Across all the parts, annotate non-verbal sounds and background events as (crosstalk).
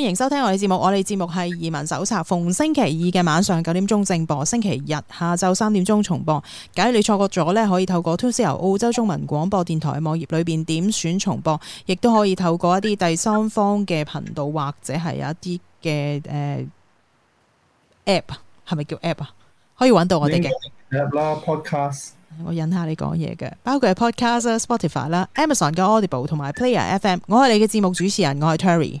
歡迎收聽我哋節目。我哋節目係移民手冊，逢星期二嘅晚上九點鐘正播，星期日下晝三點鐘重播。假如你錯過咗呢，可以透過 t u y s 由澳洲中文廣播電台嘅網頁裏邊點選重播，亦都可以透過一啲第三方嘅頻道或者係一啲嘅誒 App，係咪叫 App 啊？可以揾到我哋嘅 Podcast 我引下你講嘢嘅包括 a p Podcast、Spotify 啦、Amazon 嘅 Audible 同埋 Player FM。我係你嘅節目主持人，我係 Terry。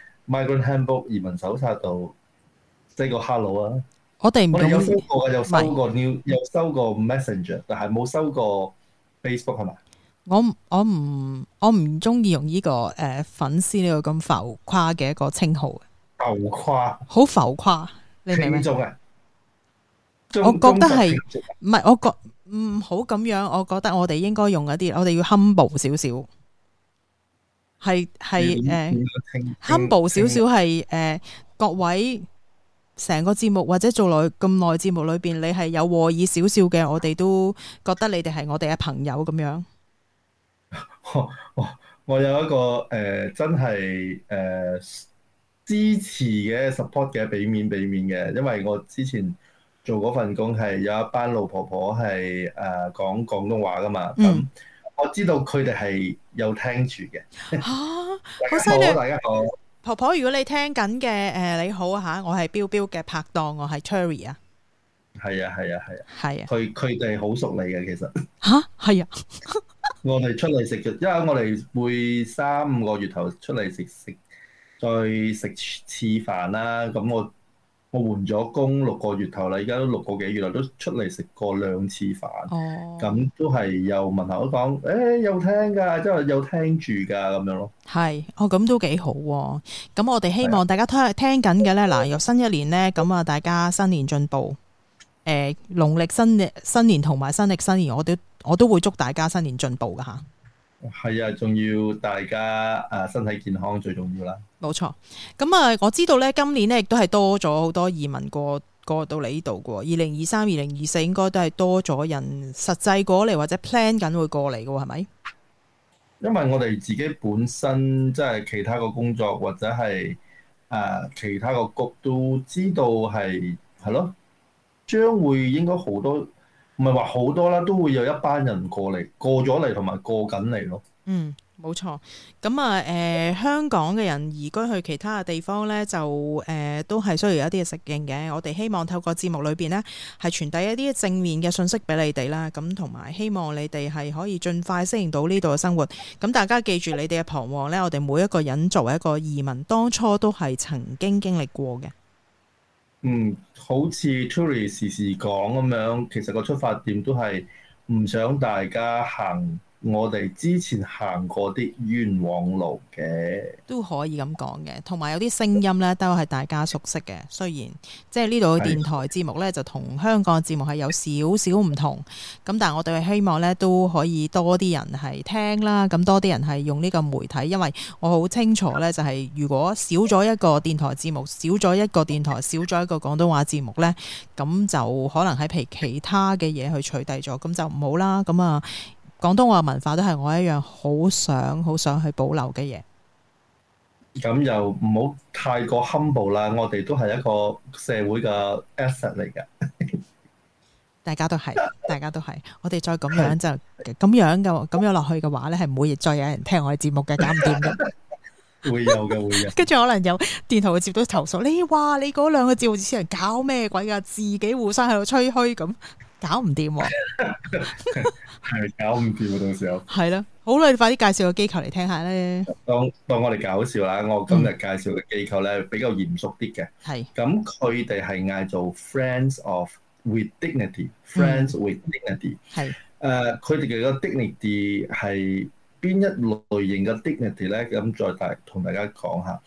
Migrant Handbook 移民手冊度 say 個 hello 啊，我哋唔哋有收過，有收過 new，有收過 Messenger，但係冇收過 Facebook 係咪？我我唔我唔中意用呢、這個誒、呃、粉絲呢個咁浮誇嘅一個稱號，浮誇好浮誇，你明唔明？做嘅、啊，我覺得係唔係我覺唔、嗯、好咁樣，我覺得我哋應該用一啲，我哋要 humble 少少。係係誒，humble 少少係誒，各位成個節目或者做耐咁耐節目裏邊，你係有獲益少少嘅，我哋都覺得你哋係我哋嘅朋友咁樣我我。我有一個誒、呃，真係誒、呃、支持嘅 support 嘅，俾面俾面嘅，因為我之前做嗰份工係有一班老婆婆係誒講廣東話噶嘛，咁、嗯。我知道佢哋係有聽住嘅。吓、啊， (laughs) 好犀利！大家好，婆婆，如果你聽緊嘅，誒，你好吓，我係標標嘅拍檔，我係 Tury 啊。係啊，係啊，係啊，係啊。佢佢哋好熟你嘅，其實。吓，係啊。是啊 (laughs) 我哋出嚟食嘅，因為我哋會三五個月頭出嚟食食，再食次飯啦。咁我。我換咗工六個月頭啦，而家都六個幾月啦，都出嚟食過兩次飯，咁、哦、都係有問下佢講，誒、欸、有聽㗎，即係有聽住㗎咁樣咯。係，哦咁都幾好喎、啊。咁我哋希望大家聽聽緊嘅咧，嗱又新一年咧，咁啊大家新年進步，誒、呃、農曆新嘅新年同埋新曆新年，我都我都會祝大家新年進步㗎吓，係啊，仲要大家誒、啊、身體健康最重要啦。冇錯，咁啊，我知道咧，今年咧亦都係多咗好多移民過過到嚟呢度嘅。二零二三、二零二四應該都係多咗人實際過嚟，或者 plan 緊會過嚟嘅，係咪？因為我哋自己本身即係其他個工作，或者係誒、呃、其他個局都知道係係咯，將會應該好多唔係話好多啦，都會有一班人過嚟過咗嚟，同埋過緊嚟咯。嗯。冇錯，咁啊，誒、呃、香港嘅人移居去其他嘅地方呢，就誒、呃、都係需要有一啲嘅適應嘅。我哋希望透過節目裏邊呢，係傳遞一啲正面嘅信息俾你哋啦。咁同埋希望你哋係可以盡快適應到呢度嘅生活。咁大家記住你哋嘅彷徨呢，我哋每一個人作為一個移民，當初都係曾經經歷過嘅。嗯，好似 Tury 時時講咁樣，其實個出發點都係唔想大家行。我哋之前行過啲冤枉路嘅，都可以咁講嘅。同埋有啲聲音呢都係大家熟悉嘅。雖然即係呢度嘅電台節目呢，就同香港嘅節目係有少少唔同。咁但係我哋希望呢都可以多啲人係聽啦。咁多啲人係用呢個媒體，因為我好清楚呢，就係、是、如果少咗一個電台節目、少咗一個電台、少咗一個廣東話節目呢，咁就可能係譬如其他嘅嘢去取替咗，咁就唔好啦。咁啊～廣東話文化都係我一樣好想好想去保留嘅嘢。咁又唔好太過 humble 啦，我哋都係一個社會嘅 asset 嚟噶。大家都係，大家都係，我哋再咁樣就咁樣噶，咁樣落去嘅話咧，係唔會再有人聽我哋節目嘅，搞唔掂噶。會有嘅會有。跟 (laughs) 住可能有電台會接到投訴，你話你嗰兩個字好似人搞咩鬼噶？啊，自己互相喺度吹噓咁。搞唔掂、啊， (laughs) 係搞唔掂、啊。 (laughs) 到時候係咯，好啦，你快啲介紹個機構嚟聽下咧。當當我哋搞笑啦，我今日介紹嘅機構咧比較嚴肅啲嘅。係，咁佢哋係嗌做 Friends of with Dignity，Friends、嗯、with Dignity。係，誒、呃，佢哋嘅個 dignity 係邊一類型嘅 dignity 咧？咁再大同大家講下。誒、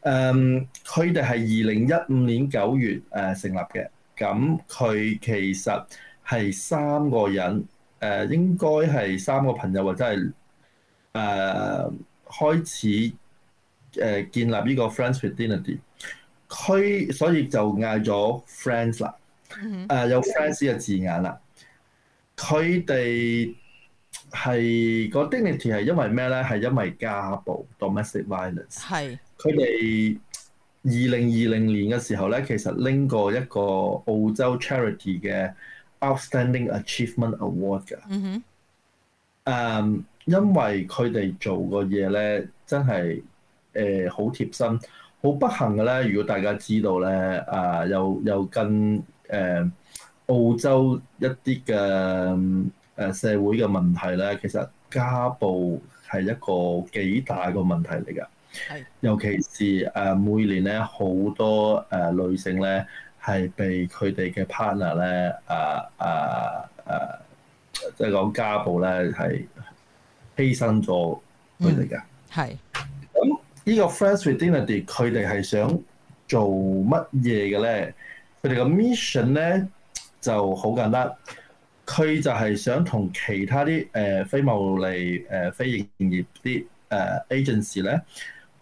呃，佢哋係二零一五年九月誒、呃、成立嘅。咁佢其實。係三個人，誒、呃、應該係三個朋友或者係誒、呃、開始誒、呃、建立呢個 Friends with Dignity。佢所以就嗌咗 friends 啦，誒、呃、有 friends 嘅字眼啦。佢哋係個 dignity 係因為咩咧？係因為家暴 domestic violence。係。佢哋二零二零年嘅時候咧，其實拎過一個澳洲 charity 嘅。Outstanding Achievement Award 嘅，誒、mm-hmm. um,，因為佢哋做個嘢咧，真係誒好貼心，好不幸嘅咧。如果大家知道咧，啊、呃，又又跟誒、呃、澳洲一啲嘅誒社會嘅問題咧，其實家暴係一個幾大嘅問題嚟㗎，係，尤其是誒、呃、每年咧好多誒、呃、女性咧。係被佢哋嘅 partner 咧，啊啊啊，即係講家暴咧，係犧牲咗佢哋嘅。係、嗯、咁，呢個 Friends with Dignity 佢哋係想做乜嘢嘅咧？佢哋嘅 mission 咧就好簡單，佢就係想同其他啲誒非牟利誒非營業啲誒 agency 咧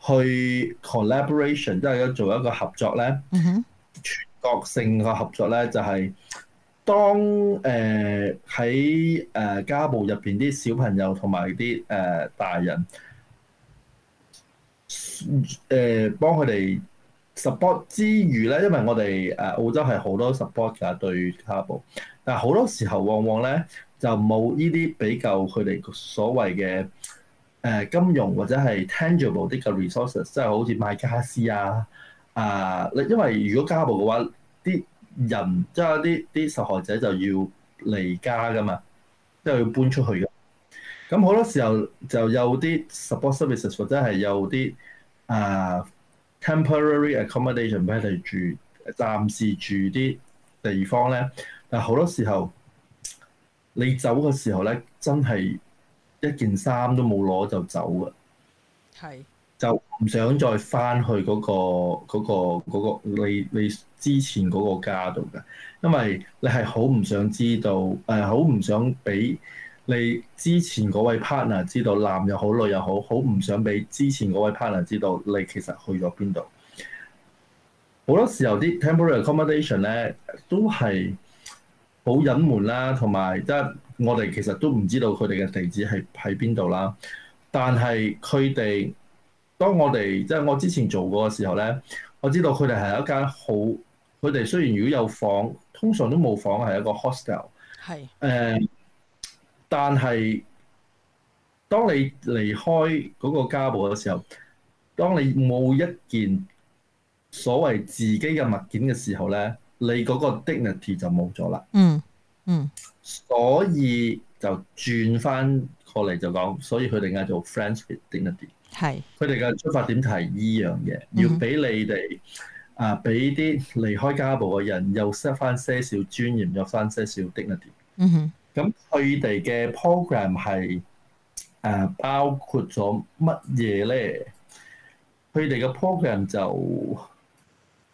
去 collaboration，即係做一個合作咧。嗯個性嘅合作咧，就係、是、當誒喺誒家暴入邊啲小朋友同埋啲誒大人誒、呃、幫佢哋 support 之餘咧，因為我哋誒澳洲係好多 support 嘅對家暴，但係好多時候往往咧就冇呢啲比較佢哋所謂嘅誒、呃、金融或者係 tangible 啲嘅 resources，即係好似買傢俬啊。啊！你因為如果家暴嘅話，啲人即係啲啲受害者就要離家噶嘛，即係要搬出去。咁好多時候就有啲 support services 或者係有啲啊、uh, temporary accommodation 俾佢住，暫時住啲地方咧。但好多時候你走嘅時候咧，真係一件衫都冇攞就走啊！係。唔想再翻去嗰個嗰個嗰個你你之前嗰個家度嘅，因為你係好唔想知道，誒好唔想俾你之前嗰位 partner 知道，男又好，女又好，好唔想俾之前嗰位 partner 知道你其實去咗邊度。好多時候啲 temporary accommodation 咧都係好隱瞞啦，同埋即係我哋其實都唔知道佢哋嘅地址係喺邊度啦，但係佢哋。當我哋即係我之前做過嘅時候咧，我知道佢哋係一間好，佢哋雖然如果有房，通常都冇房係一個 hostel。係。誒，但係當你離開嗰個家暴嘅時候，當你冇一件所謂自己嘅物件嘅時候咧，你嗰個 dignity 就冇咗啦。嗯嗯。所以就轉翻過嚟就講，所以佢哋嗌做 friends with dignity。係，佢哋嘅出發點係依樣嘢，要俾你哋、mm-hmm. 啊，俾啲離開家暴嘅人又失翻些少尊嚴，又翻些少啲一啲。嗯，咁佢哋嘅 program 係誒包括咗乜嘢咧？佢哋嘅 program 就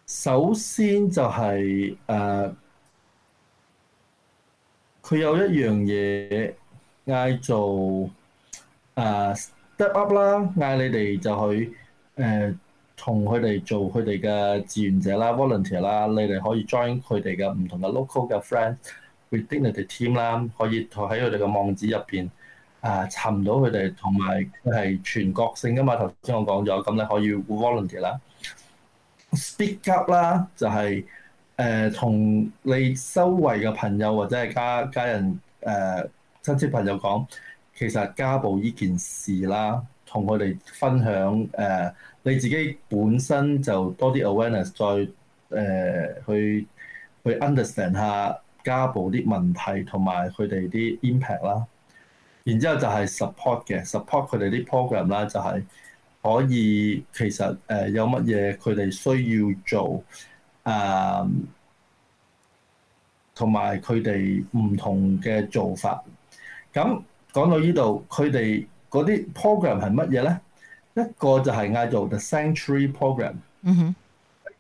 首先就係、是、誒，佢、啊、有一樣嘢嗌做啊。Step up 啦，嗌、呃、你哋就去誒同佢哋做佢哋嘅志願者啦，volunteer 啦，你哋可以 join 佢哋嘅唔同嘅 local 嘅 Friends with Dignity team 啦，可以同喺佢哋嘅網址入邊啊尋到佢哋，同埋佢係全國性噶嘛，頭先我講咗，咁你可以 volunteer 啦，speak up 啦、就是，就係誒同你周圍嘅朋友或者係家家人誒、呃、親戚朋友講。其實家暴呢件事啦，同佢哋分享誒，uh, 你自己本身就多啲 awareness，再誒、uh, 去去 understand 下家暴啲問題同埋佢哋啲 impact 啦。然之後就係 support 嘅，support 佢哋啲 program 啦，就係、是、可以其實誒有乜嘢佢哋需要做啊，uh, 同埋佢哋唔同嘅做法咁。講到呢度，佢哋嗰啲 program 係乜嘢咧？一個就係嗌做 The Sanctuary Program。嗯、mm-hmm. 哼，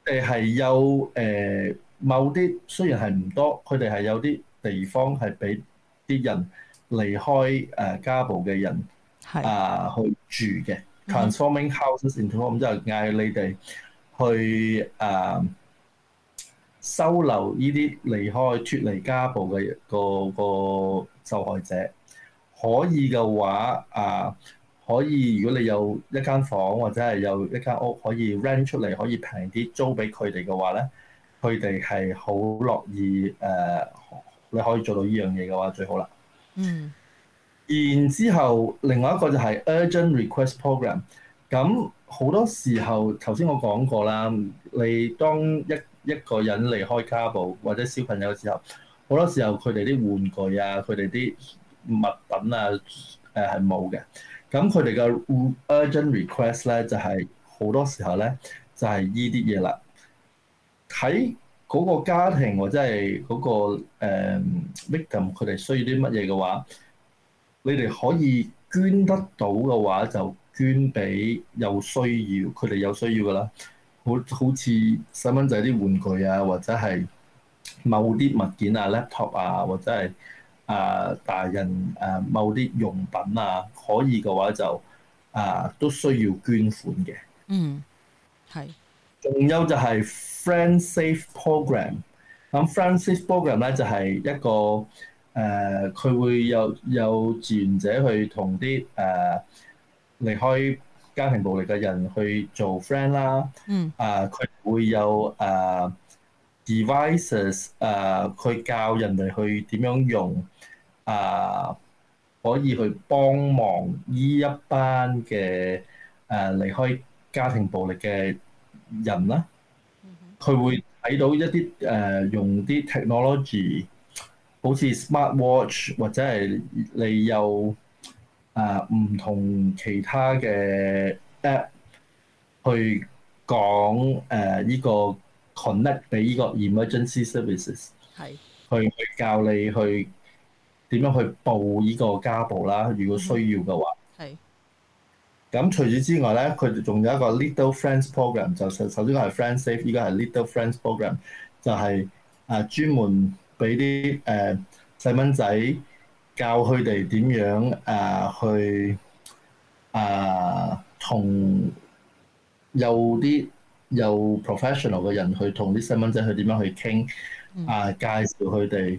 佢哋係有誒某啲雖然係唔多，佢哋係有啲地方係俾啲人離開誒家暴嘅人啊去住嘅、mm-hmm. Transforming Houses into Homes，就嗌你哋去誒、啊、收留呢啲離開脱離家暴嘅、嗰個、嗰個受害者。可以嘅話，啊，可以。如果你有一間房或者係有一間屋可以 rent 出嚟，可以平啲租俾佢哋嘅話咧，佢哋係好樂意誒、啊。你可以做到呢樣嘢嘅話，最好啦。嗯，然之後另外一個就係 urgent request program。咁好多時候頭先我講過啦，你當一一個人離開家暴或者小朋友嘅時候，好多時候佢哋啲玩具啊，佢哋啲～物品啊，誒係冇嘅。咁佢哋嘅 urgent request 咧，就係好多時候咧，就係依啲嘢啦。喺嗰個家庭或者係嗰個誒 victim，佢哋需要啲乜嘢嘅話，你哋可以捐得到嘅話，就捐俾有需要，佢哋有需要噶啦。好好似細蚊仔啲玩具啊，或者係某啲物件啊，laptop 啊，或者係。啊、呃！大人誒、呃、某啲用品啊，可以嘅話就啊、呃、都需要捐款嘅。嗯，係。仲有就係 Friend Safe Program。咁、嗯、Friend Safe Program 咧就係、是、一個誒，佢、呃、會有有志願者去同啲誒離開家庭暴力嘅人去做 friend 啦。嗯。啊、呃，佢會有誒、呃、devices 誒、呃，佢教人哋去點樣用。啊！可以去幫忙呢一班嘅誒離開家庭暴力嘅人啦。佢會睇到一啲誒用啲 technology，好似 smart watch 或者係你有誒唔同其他嘅 app 去講誒呢個 connect 俾呢個 emergency services，係去去教你去，點樣去報呢個家暴啦？如果需要嘅話，係。咁除此之外咧，佢仲有一個 Little Friends Program，就首首先係 Friends Safe，依家係 Little Friends Program，就係誒專門俾啲誒細蚊仔教佢哋點樣誒去誒同有啲有 professional 嘅人去同啲細蚊仔去點樣去傾啊，介紹佢哋。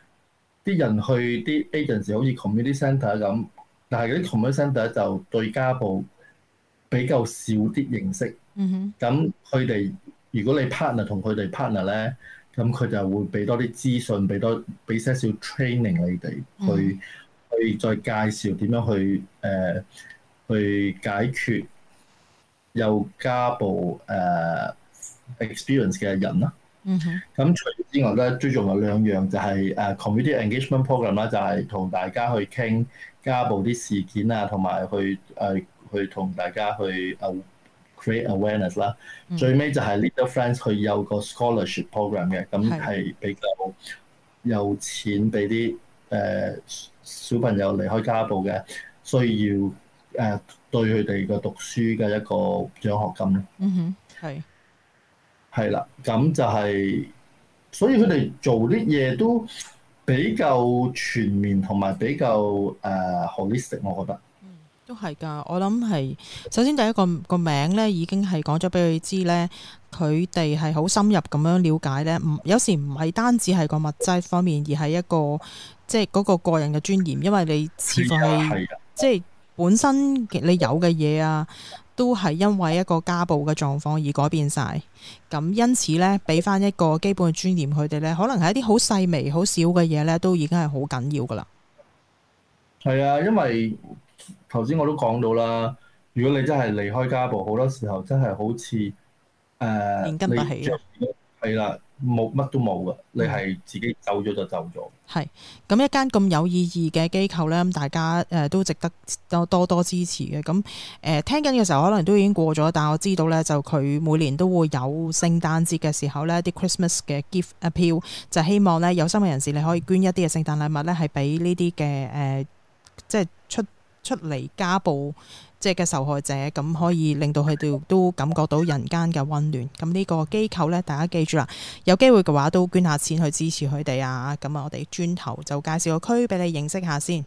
啲人去啲 Agency，好似 Community Centre 咁，但係嗰啲 Community Centre 就對家暴比較少啲認識。嗯哼。咁佢哋如果你 partner 同佢哋 partner 咧，咁佢就會俾多啲資訊，俾多俾些少 training 你哋，去去再介紹點樣去誒去解決有家暴誒 experience 嘅人啦。嗯哼，咁除此之外咧，最重要兩樣就係誒 community engagement program 啦，就係同大家去傾家暴啲事件啊，同埋去誒去同大家去誒 create awareness 啦。最尾就係 Little Friends 佢有個 scholarship program 嘅，咁係比較有錢俾啲誒小朋友離開家暴嘅需要誒對佢哋嘅讀書嘅一個獎學金咧。嗯哼，係。係啦，咁就係、是，所以佢哋做啲嘢都比較全面同埋比較誒好啲食，呃、Holistic, 我覺得。嗯、都係㗎，我諗係首先第一個個名咧已經係講咗俾佢知咧，佢哋係好深入咁樣了解咧。唔，有時唔係單止係個物質方面，而係一個即係嗰個個人嘅尊嚴，因為你似乎係即係本身你有嘅嘢啊。都係因為一個家暴嘅狀況而改變晒，咁因此呢，俾翻一個基本嘅尊嚴，佢哋呢可能係一啲好細微、好少嘅嘢呢，都已經係好緊要噶啦。係啊，因為頭先我都講到啦，如果你真係離開家暴，好多時候真係好似誒，連根唔起係啦。冇乜都冇㗎，你係自己走咗就走咗。係咁一間咁有意義嘅機構呢，大家誒都值得多多多支持嘅。咁誒、呃、聽緊嘅時候可能都已經過咗，但我知道呢，就佢每年都會有聖誕節嘅時候呢啲 Christmas 嘅 gift appeal 就希望呢有心嘅人士你可以捐一啲嘅聖誕禮物呢，係俾呢啲嘅誒，即係出出嚟家暴。即係嘅受害者咁，可以令到佢哋都感覺到人間嘅溫暖。咁呢個機構呢，大家記住啦，有機會嘅話都捐下錢去支持佢哋啊！咁啊，我哋轉頭就介紹個區俾你認識下先。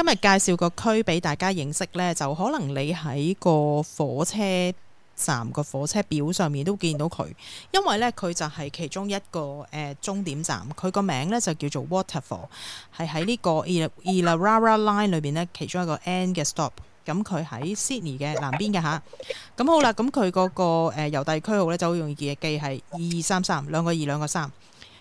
今日介紹個區俾大家認識呢，就可能你喺個火車站個火車表上面都見到佢，因為呢，佢就係其中一個誒終、呃、點站，佢個名呢，就叫做 Waterfall，係喺呢個 Illawarra Line 裏邊呢，其中一個 N 嘅 stop，咁佢喺 Sydney 嘅南邊嘅吓。咁好啦，咁佢嗰個誒郵遞區號就好容易記係二二三三，兩個二兩個三。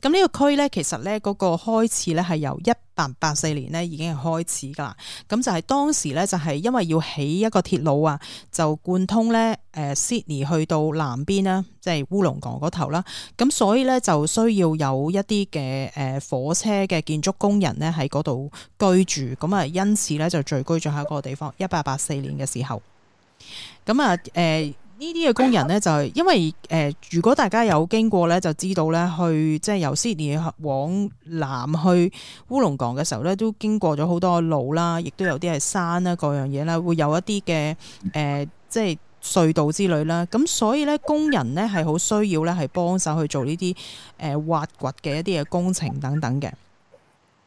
咁、這、呢個區咧，其實咧嗰個開始咧係由一八八四年咧已經係開始噶啦。咁就係當時咧就係因為要起一個鐵路啊，就貫通咧誒 Sydney 去到南邊啦，即、就、係、是、烏龍港嗰頭啦。咁所以咧就需要有一啲嘅誒火車嘅建築工人咧喺嗰度居住。咁啊，因此咧就聚居咗喺個地方。一八八四年嘅時候，咁啊誒。呃呢啲嘅工人咧就係、是、因為誒、呃，如果大家有經過咧，就知道咧去即係由 Sydney 往南去烏龍港嘅時候咧，都經過咗好多路啦，亦都有啲係山啦，各樣嘢啦，會有一啲嘅誒，即係隧道之類啦。咁所以咧，工人咧係好需要咧，係幫手去做呢啲誒挖掘嘅一啲嘅工程等等嘅。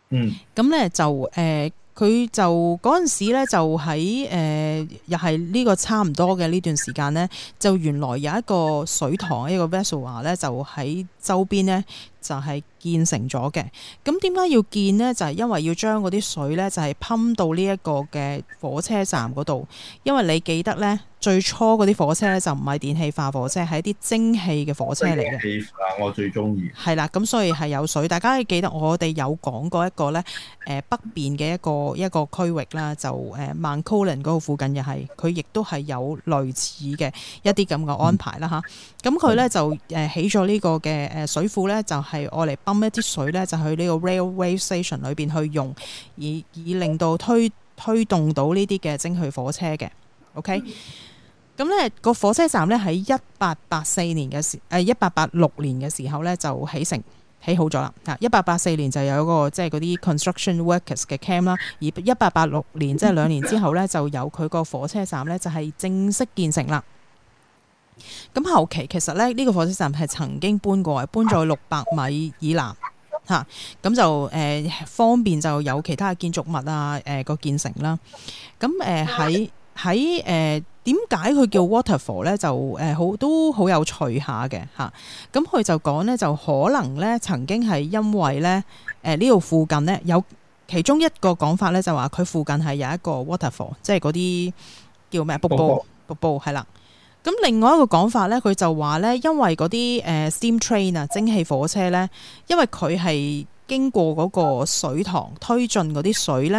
嗯，咁咧就誒。呃佢就嗰陣時咧，就喺誒，又係呢個差唔多嘅呢段時間咧，就原來有一個水塘一個 vessel 化咧，就喺周邊咧。就係建成咗嘅。咁點解要建咧？就係因為要將嗰啲水咧，就係噴到呢一個嘅火車站嗰度。因為你記得咧，最初嗰啲火車呢就唔係電氣化火車，係一啲蒸汽嘅火車嚟嘅。我最中意。係啦，咁所以係有水。大家記得我哋有講過一個咧，誒北邊嘅一個一個區域啦，就誒曼高林嗰個附近又係佢亦都係有類似嘅一啲咁嘅安排啦吓，咁佢咧就誒起咗呢個嘅誒水庫咧就。係我嚟泵一啲水咧，就去呢個 railway station 裏邊去用，而而令到推推動到呢啲嘅蒸汽火車嘅。OK，咁咧個火車站咧喺一八八四年嘅時，誒一八八六年嘅時，呃，時候咧就起成起好咗啦。嚇，一八八四年就有一個即係嗰啲 construction workers 嘅 camp 啦，而一八八六年即係兩年之後咧就有佢個火車站咧就係正式建成啦。咁後期其實咧，呢個火車站係曾經搬過嘅，搬咗六百米以南，吓咁就誒方便就有其他嘅建築物啊，誒個建成啦。咁誒喺喺誒，點解佢叫 Waterfall 咧？就誒好都好有趣下嘅吓。咁佢就講咧，就可能咧曾經係因為咧，誒呢度附近咧有其中一個講法咧，就話佢附近係有一個 Waterfall，即係嗰啲叫咩瀑布瀑布係啦。咁另外一個講法咧，佢就話咧，因為嗰啲、呃、steam train 啊，蒸汽火車咧，因為佢係經過嗰個水塘推進嗰啲水咧，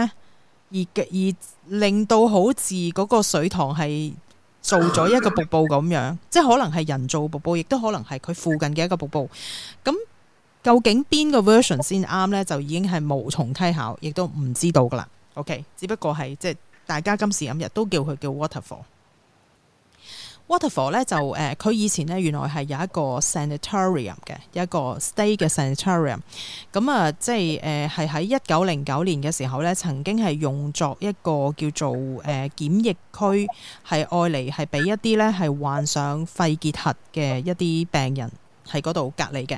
而而令到好似嗰個水塘係做咗一個瀑布咁樣，即可能係人造瀑布，亦都可能係佢附近嘅一個瀑布。咁究竟邊個 version 先啱咧？就已經係無從稽考，亦都唔知道噶啦。OK，只不過係即係大家今時今日都叫佢叫 waterfall。Waterfall 咧，就誒，佢以前咧，原來係有一個 sanitarium 嘅一個 state 嘅 sanitarium 咁啊，即係誒係喺一九零九年嘅時候咧，曾經係用作一個叫做誒檢疫區，係愛嚟係俾一啲咧係患上肺結核嘅一啲病人喺嗰度隔離嘅。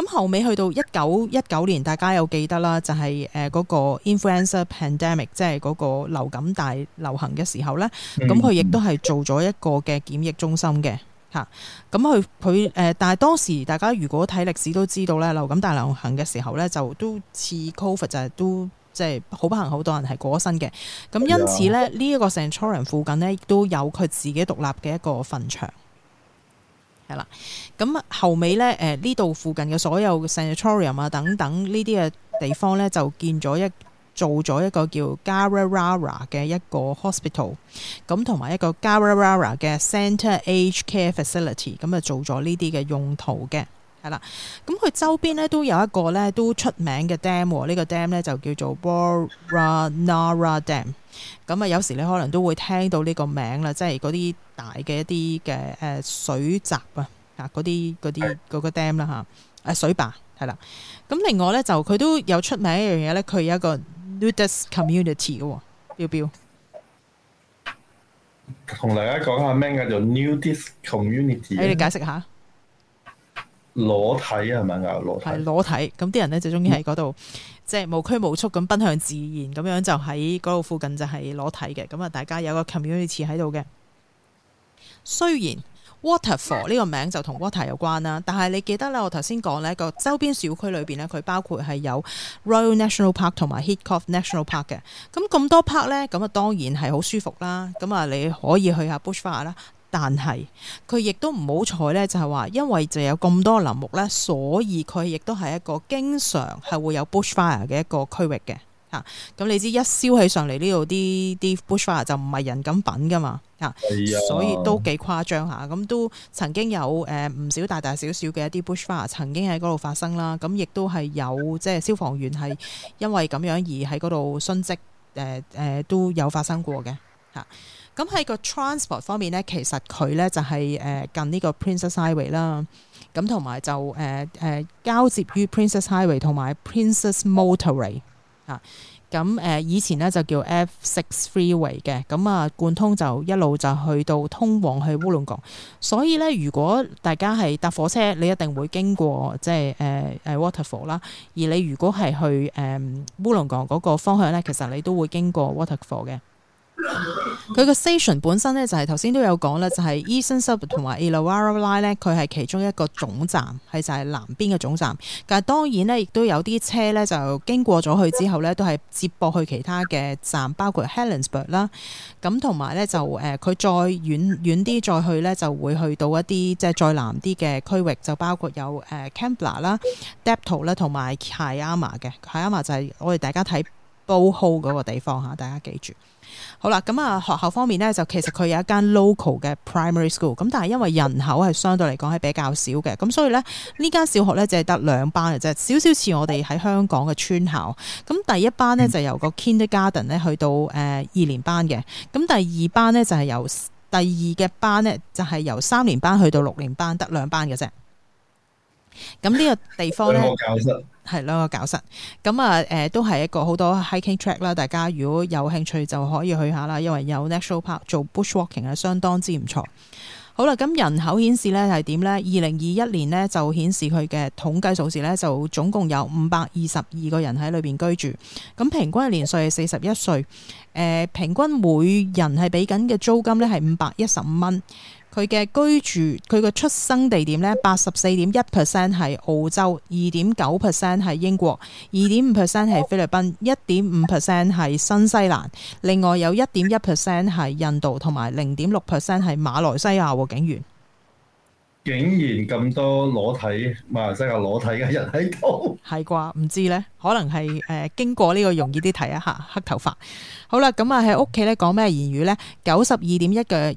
咁後尾去到一九一九年，大家有記得啦，就係誒嗰個 influenza pandemic，即係嗰個流感大流行嘅時候咧。咁佢亦都係做咗一個嘅檢疫中心嘅嚇。咁佢佢誒，但係當時大家如果睇歷史都知道咧，流感大流行嘅時候咧，就都似 COVID 就係都即係好不幸，好多人係過咗身嘅。咁因此咧，呢、嗯、一個 sanatorium 附近咧，亦都有佢自己獨立嘅一個墳場。係啦，咁後尾咧，呃呢度附近嘅所有 sanatorium 啊等等呢啲嘅地方咧，就建咗一做咗一個叫 Garrawarra 嘅一個 hospital，咁同埋一個 Garrawarra 嘅 Centre Aged Care Facility，咁啊做咗呢啲嘅用途嘅，係啦，咁佢周邊咧都有一個咧都出名嘅 dam，呢個 dam 咧就叫做 Woronora Dam。咁、嗯、啊，有時你可能都會聽到呢個名啦，即係嗰啲大嘅一啲嘅誒水閘啊，啊嗰啲嗰啲個 dam 啦吓，啊水壩，係啦。咁、嗯、另外咧就佢都有出名一樣嘢咧，佢有一個 nudist community 嘅、呃、標標。同、呃、大家講下咩叫做 nudist community。你解釋下裸體係咪啊？裸係裸體咁啲人咧就鍾意喺嗰度。即係無拘無束咁奔向自然，咁樣就喺嗰度附近就係裸體嘅。咁啊，大家有個 community 喺度嘅。雖然 waterfall 呢個名就同 water 有關啦，但係你記得咧，我頭先講呢個周邊小區裏邊呢，佢包括係有 Royal National Park 同埋 Heathcote National Park 嘅。咁咁多 park 呢，咁啊當然係好舒服啦。咁啊，你可以去下 Bushfire 啦。但係佢亦都唔好彩呢，就係話，因為就有咁多林木呢，所以佢亦都係一個經常係會有 bushfire 嘅一個區域嘅嚇。咁、啊、你知一燒起上嚟呢度啲啲 bushfire 就唔係人咁品噶嘛嚇，啊哎、所以都幾誇張嚇。咁都曾經有誒唔少大大小小嘅一啲 bushfire 曾經喺嗰度發生啦。咁、啊、亦都係有即係消防員係因為咁樣而喺嗰度殉職誒誒、呃呃、都有發生過嘅嚇。啊咁喺個 transport 方面咧，其實佢咧就係近呢個 Princess Highway 啦，咁同埋就交接於 Princess Highway 同埋 Princess Motorway 啊，咁以前咧就叫 F6 Freeway 嘅，咁啊貫通就一路就去到通往去烏龍港。所以咧如果大家係搭火車，你一定會經過即係 Waterfall 啦，而你如果係去誒烏龍港嗰個方向咧，其實你都會經過 Waterfall 嘅。佢個 station 本身咧就係頭先都有講啦，就係、是、Eastern Sub 同埋 Illawarra Line 咧，佢係其中一個總站，係就係、是、南邊嘅總站。但係當然咧，亦都有啲車咧就經過咗去之後咧，都係接駁去其他嘅站，包括 Helensburgh 啦，咁同埋咧就誒，佢再遠遠啲再去咧，就會去到一啲即係再南啲嘅區域，就包括有誒 Kembla 啦、Dapto 啦，同埋 Kiama 嘅 Kiama 就係我哋大家睇 Blowhole 嗰個地方吓，大家記住。好啦，咁啊，學校方面咧，就其實佢有一間 local 嘅 primary school，咁但係因為人口係相對嚟講係比較少嘅，咁所以咧，呢間小學咧就係得兩班嘅啫，少少似我哋喺香港嘅村校。咁第一班咧就由個 kindergarten 咧去到誒二年班嘅，咁第二班咧就係由第二嘅班咧就係由三年班去到六年班，得兩班嘅啫。咁呢個地方呢，係兩個教室。咁啊，誒、呃，都係一個好多 hiking track 啦。大家如果有興趣就可以去下啦，因為有 national park 做 bushwalking 啊，相當之唔錯。好啦，咁人口顯示呢係點呢？二零二一年呢就顯示佢嘅統計數字呢，就總共有五百二十二個人喺裏邊居住。咁平均嘅年歲係四十一歲。誒、呃，平均每人係俾緊嘅租金呢係五百一十五蚊。佢嘅居住佢嘅出生地點呢，八十四點一 percent 係澳洲，二點九 percent 係英國，二點五 percent 係菲律賓，一點五 percent 係新西蘭。另外有一點一 percent 係印度，同埋零點六 percent 係馬來西亞和警員。竟然咁多裸體馬來西亞裸體嘅人喺度係啩？唔知呢？可能係誒、呃、經過呢個容易啲睇一下黑頭髮。好啦，咁啊喺屋企咧講咩言語呢？九十二點一嘅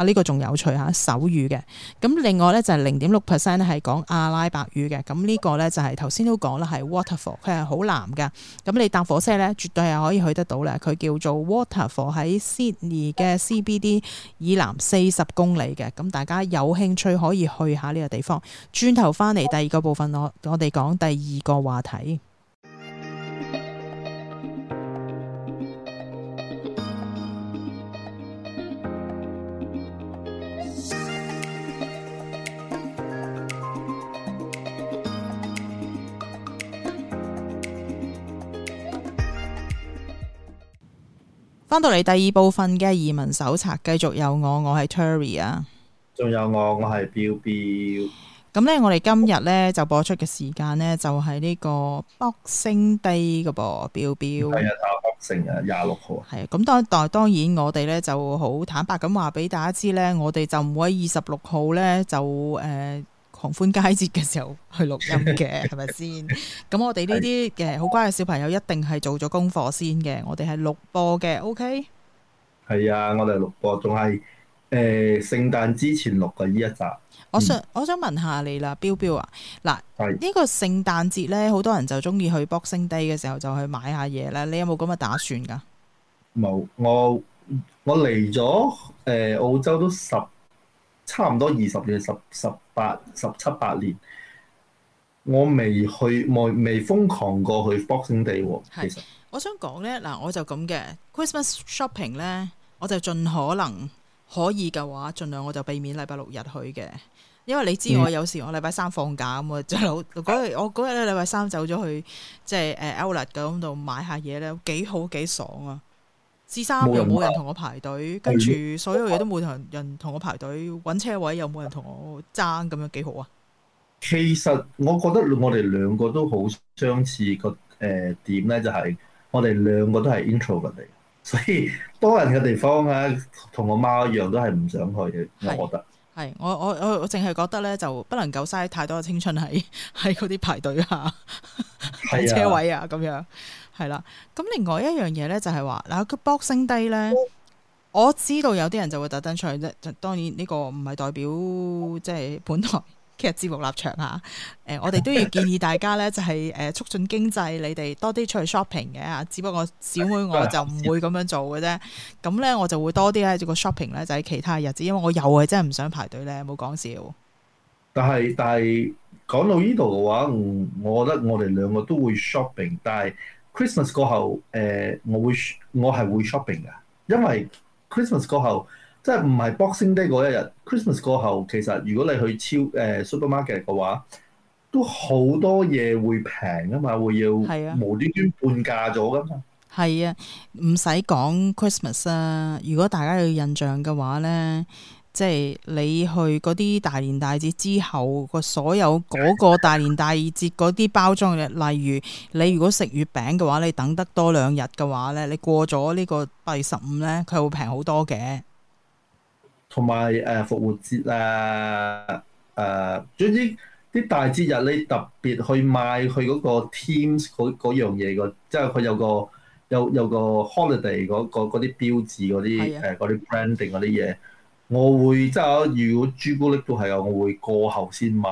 呢、啊呢個仲有趣嚇，手語嘅。咁另外呢，就係零點六 percent 係講阿拉伯語嘅。咁呢個呢，就係頭先都講啦，係 Waterfall，佢係好南噶。咁你搭火車呢，絕對係可以去得到啦。佢叫做 Waterfall，喺 Sydney 嘅 CBD 以南四十公里嘅。咁大家有興趣可以去一下呢個地方。轉頭翻嚟第二個部分，我我哋講第二個話題。翻到嚟第二部分嘅移民手冊，繼續有我，我係 Terry 啊，仲有我，我係 Bill Bill。咁咧，我哋今日咧就播出嘅時間咧，就係呢個 Boxing Day 嘅噃，Bill Bill。係啊，係啊，Boxing 啊，廿六號啊。係啊，咁當當當然我哋咧就好坦白咁話俾大家知咧，我哋就唔會喺二十六號咧就誒。呃狂歡佳節嘅時候去錄音嘅係咪先？咁 (laughs) 我哋呢啲嘅好乖嘅小朋友一定係做咗功課先嘅。我哋係錄播嘅，OK 係啊。我哋錄播仲係誒，聖誕、呃、之前錄嘅呢一集。嗯、我想我想問下你啦，Bill Bill 啊，嗱、這個、呢個聖誕節咧，好多人就中意去 Boxing Day 嘅時候就去買下嘢啦。你有冇咁嘅打算噶？冇我我嚟咗誒，澳洲都十差唔多二十年十十。十八十七八年，我未去，我未瘋狂過去 Boxing Day、哦。其實我想講呢，嗱，我就咁嘅 Christmas shopping 呢，我就盡可能可以嘅話，盡量我就避免禮拜六日去嘅，因為你知我有時、嗯、我禮拜三放假咁啊，即係嗰日我嗰日咧禮拜三走咗去，即係誒 Outlet 咁度買下嘢咧，幾好幾爽啊！試三又冇人同我排隊，跟住所有嘢都冇同人同我排隊，搵車位又冇人同我爭，咁樣幾好啊！其實我覺得我哋兩個都好相似個誒、呃、點咧，就係我哋兩個都係 introvert 嚟，所以多人嘅地方咧、啊，同我媽一樣都係唔想去嘅。我覺得係我我我我淨係覺得呢，就不能夠嘥太多嘅青春喺喺嗰啲排隊啊、喺 (laughs) 車位啊咁樣。係啦，咁另外一樣嘢咧就係話嗱，那個波升低咧，我知道有啲人就會特登出去啫。當然呢個唔係代表即係本台其實目立場嚇。誒、呃，我哋都要建議大家咧，就係誒促進經濟， (laughs) 你哋多啲出去 shopping 嘅。只不過小妹我就唔會咁樣做嘅啫。咁咧我就會多啲咧做個 shopping 咧，就喺其他日子，因為我又係真係唔想排隊咧，冇講笑。但係但係講到呢度嘅話，我覺得我哋兩個都會 shopping，但係。Christmas 過後，誒、呃，我會我係會 shopping 噶，因為 Christmas 過後，即係唔係 boxing day 嗰一日。Christmas 過後，其實如果你去超誒、呃、supermarket 嘅話，都好多嘢會平吖嘛，會要無端端半價咗噶嘛。係啊，唔使講 Christmas 啊，如果大家有印象嘅話咧。即係你去嗰啲大年大節之後，個所有嗰個大年大節嗰啲包裝嘅。例如你如果食月餅嘅話，你等得多兩日嘅話咧，你過咗呢個八月十五咧，佢會平好多嘅。同埋誒復活節啊、誒、啊，總之啲大節日你特別去買佢嗰個 teams 嗰樣嘢，即係佢有個有有個 holiday 嗰啲標誌、啲誒嗰啲 branding 嗰啲嘢。我會即係，如果朱古力都係啊，我會過後先買，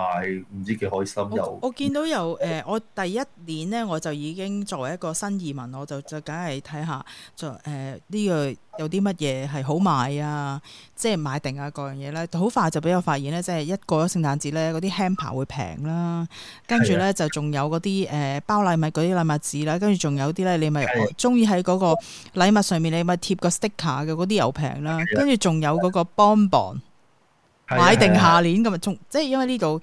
唔知幾開心又。我見到有誒、哎呃，我第一年咧我就已經作為一個新移民，我就就梗係睇下就誒呢個。有啲乜嘢係好買啊？即係買定啊，各樣嘢咧，好快就俾我發現咧，即係一過咗聖誕節咧，嗰啲 hamper 會平啦。跟住咧就仲有嗰啲誒包禮物嗰啲禮物紙啦。跟住仲有啲咧，你咪中意喺嗰個禮物上面，你咪貼個 sticker 嘅嗰啲又平啦。的跟住仲有嗰個 bomb bomb 買定下年咁嘛。仲即係因為呢度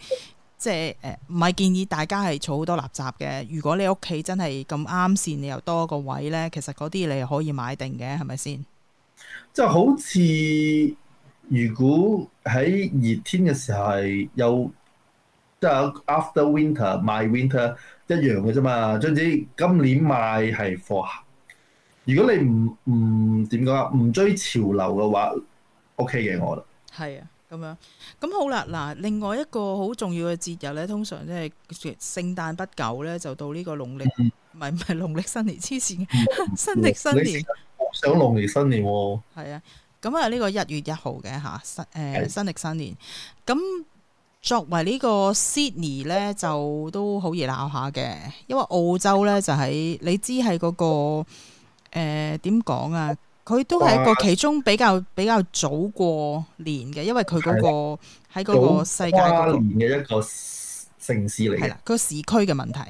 即係誒，唔係建議大家係儲好多垃圾嘅。如果你屋企真係咁啱線，你又多個位咧，其實嗰啲你係可以買定嘅，係咪先？就好似，如果喺熱天嘅時候有，即係 After Winter、My Winter 一樣嘅啫嘛。總之今年賣係貨。如果你唔唔點講啊？唔追潮流嘅話，OK 嘅我覺得。係啊，咁樣咁好啦。嗱，另外一個好重要嘅節日咧，通常即係聖誕不久咧，就到呢個農曆唔係唔係農曆新年之前，嗯、 (laughs) 新曆新年。九農曆新年喎，係啊，咁啊呢個一月一號嘅吓，新誒、欸、新曆新年。咁作為呢個 Sydney 咧，就都好熱鬧下嘅，因為澳洲咧就喺、是、你知係嗰、那個誒點講啊，佢、欸、都係一個其中比較比較早過年嘅，因為佢嗰個喺嗰個世界年嘅一個城市嚟，係啦，個市區嘅問題。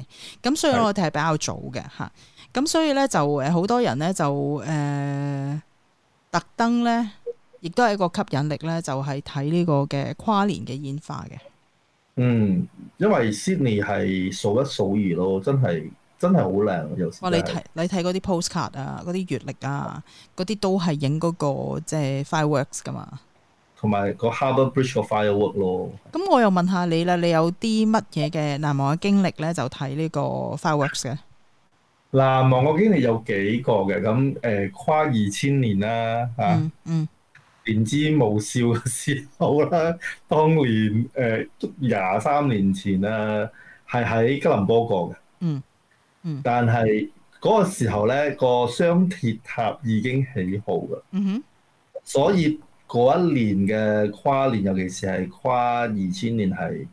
咁所以我哋係比較早嘅吓。咁所以咧就誒好多人咧就誒特登咧，亦都係一個吸引力咧，就係睇呢個嘅跨年嘅煙花嘅。嗯，因為 Sydney 係數一數二咯，真係真係好靚。哇、哦！你睇你睇嗰啲 postcard 啊，嗰啲月曆啊，嗰啲都係影嗰個即係 fireworks 噶嘛。同埋個 Harbour Bridge 個 firework 咯。咁我又問下你啦，你有啲乜嘢嘅難忘嘅經歷咧？就睇呢個 fireworks 嘅。嗱、啊，望我經歷有幾個嘅，咁誒、呃、跨二千年啦，嚇、啊，年、嗯、資、嗯、無少嘅時候啦，當年誒廿三年前啊，係喺吉隆坡過嘅，嗯嗯，但係嗰個時候咧，個雙鐵塔已經起好啦、嗯，所以嗰一年嘅跨年，尤其是係跨二千年，係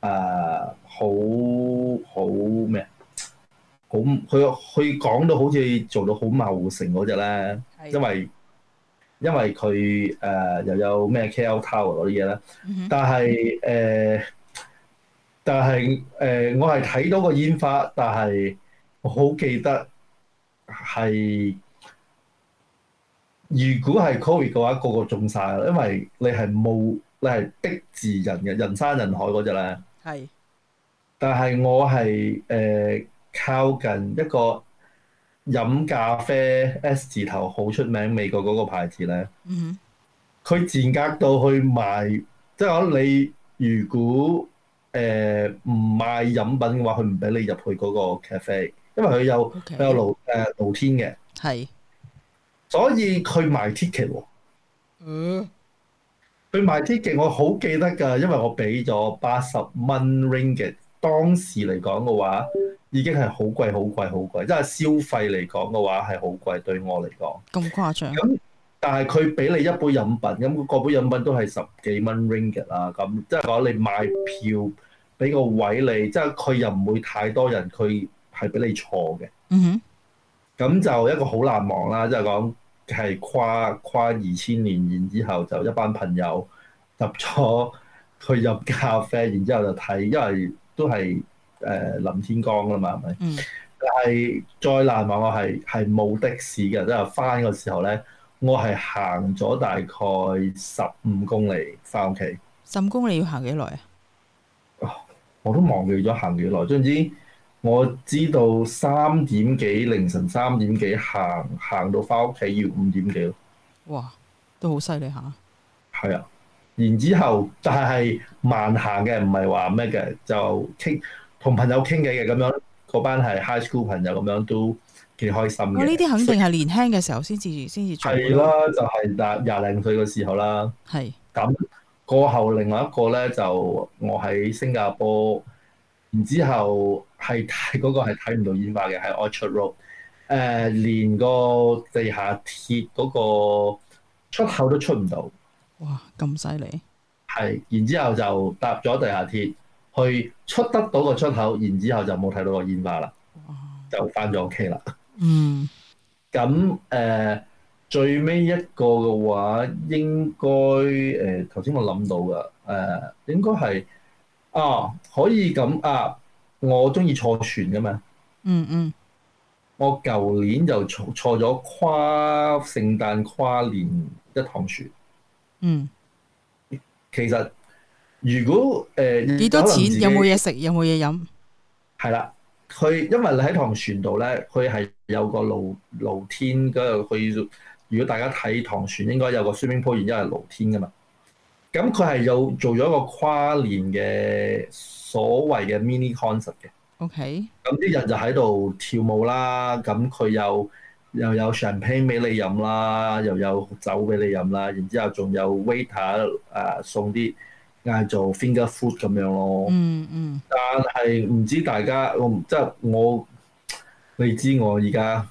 啊，好好咩？好，佢佢講到好似做到好茂盛嗰隻咧，因為因為佢誒又有咩 K L Tower 嗰啲嘢咧，但係誒但係誒我係睇到個煙花，但係我好記得係如果係 Covid 嘅話，個個中曬，因為你係冇，你係逼住人嘅，人山人海嗰隻咧。係，但係我係誒。靠近一個飲咖啡 S 字頭好出名美國嗰個牌子咧，嗯，佢賤格到去賣，即係講你如果誒唔、呃、賣飲品嘅話，佢唔俾你入去嗰個 cafe，因為佢有、okay. 有露誒、呃、露天嘅，係、mm-hmm.，所以佢賣 ticket 喎，嗯，佢賣 ticket 我好記得㗎，因為我俾咗八十蚊 ringgit，當時嚟講嘅話。已經係好貴，貴，貴、好貴、好貴，即係消費嚟講嘅話係好貴。對我嚟講咁誇張。咁、嗯、但係佢俾你一杯飲品，咁、嗰個杯飲品都係十幾蚊 ringgit 啦。咁即係講你買票俾個位你，即係佢又唔會太多人，佢係俾你坐嘅。嗯、mm-hmm. 咁就一個好難忘啦，即係講係跨跨二千年，然之後就一班朋友入咗去飲咖啡，然之後就睇，因為都係。誒、呃、林天光啦嘛，係、嗯、咪？但係再難話，我係係冇的士嘅，都係翻嗰時候咧，我係行咗大概十五公里返屋企。十五公里要行幾耐啊？我都忘記咗行幾耐，總之我知道三點幾凌晨三點幾行行到返屋企要五點幾咯。哇！都好犀利下。係啊，然之後但係慢行嘅，唔係話咩嘅就傾。同朋友傾偈嘅咁樣，嗰班係 high school 朋友咁樣都幾開心嘅。我呢啲肯定係年輕嘅時候先至先至出。係啦，就係廿廿零歲嘅時候啦。係。咁過後，另外一個咧就我喺新加坡，然後之後係睇嗰個係睇唔到煙花嘅，係 Orchard Road。誒，連個地下鐵嗰個出口都出唔到。哇！咁犀利。係。然之後就搭咗地下鐵。去出得到個出口，然之後就冇睇到個煙花啦，就翻咗屋企啦。嗯，咁誒、呃、最尾一個嘅話，應該誒頭先我諗到噶誒、呃，應該係啊，可以咁啊，我中意坐船嘅嘛。嗯嗯，我舊年就坐坐咗跨聖誕跨年一趟船。嗯，其實。如果誒，幾、呃、多錢，有冇嘢食，有冇嘢飲？係啦，佢因為你喺唐船度咧，佢係有個露露天嗰個。如果大家睇唐船，應該有個 swimming pool，然因為露天噶嘛。咁佢係有做咗一個跨年嘅所謂嘅 mini concert 嘅。OK，咁啲人就喺度跳舞啦。咁佢又又有 champagne 俾你飲啦，又有酒俾你飲啦。然之後仲有 waiter 誒、呃、送啲。嗌做 finger food 咁樣咯。嗯嗯，但係唔知大家我，即係我，你知我而家